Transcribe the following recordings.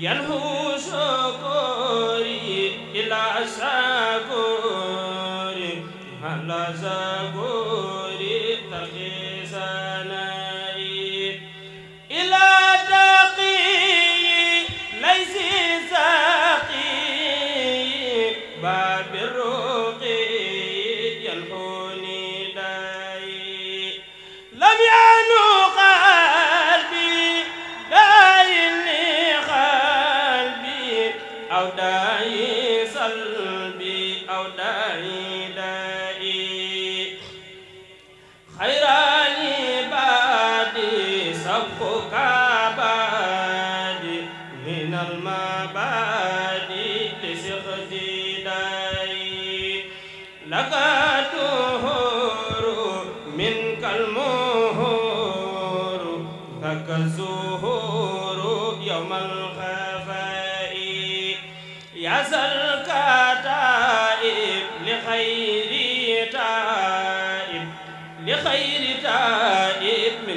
ينهو شكوري إلى شكوري هلا شكوري أو داعي سلبي أو داعي داعي خيراني بادي سبقك بادي من المبادي لسخدي داعي لك تهور منك المهور فكزور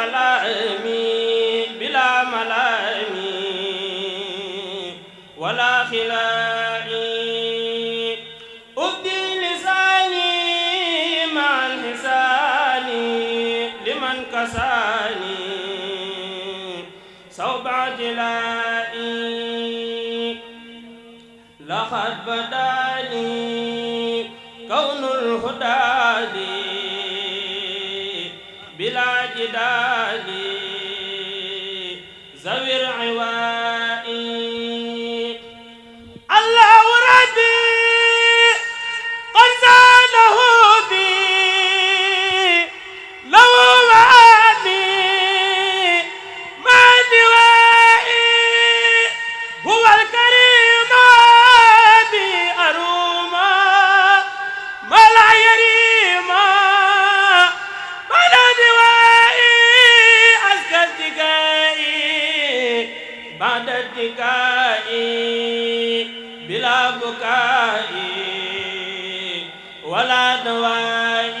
ملامي بلا ملامي ولا خلائي أبدي لساني مع انحساني لمن كساني صوب عجلائي لقد بداني كون الهدى لي zawir aywa بعد اتكاء بلا بكاء ولا دواء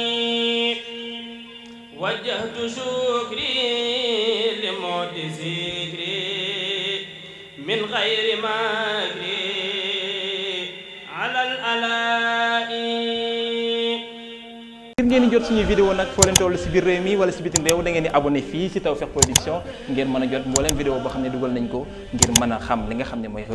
شكري لموت ذكري من غير مكري على الألاء ngir ngeen di jot suñu vidéo nag foo leen toll si biir réew mi wala si bitim réew da ngeen di abonné fii si Tawfekh Production ngeen mën a jot mbooleem vidéo boo xam ne dugal nañ ko ngir mën a xam li nga xam ne mooy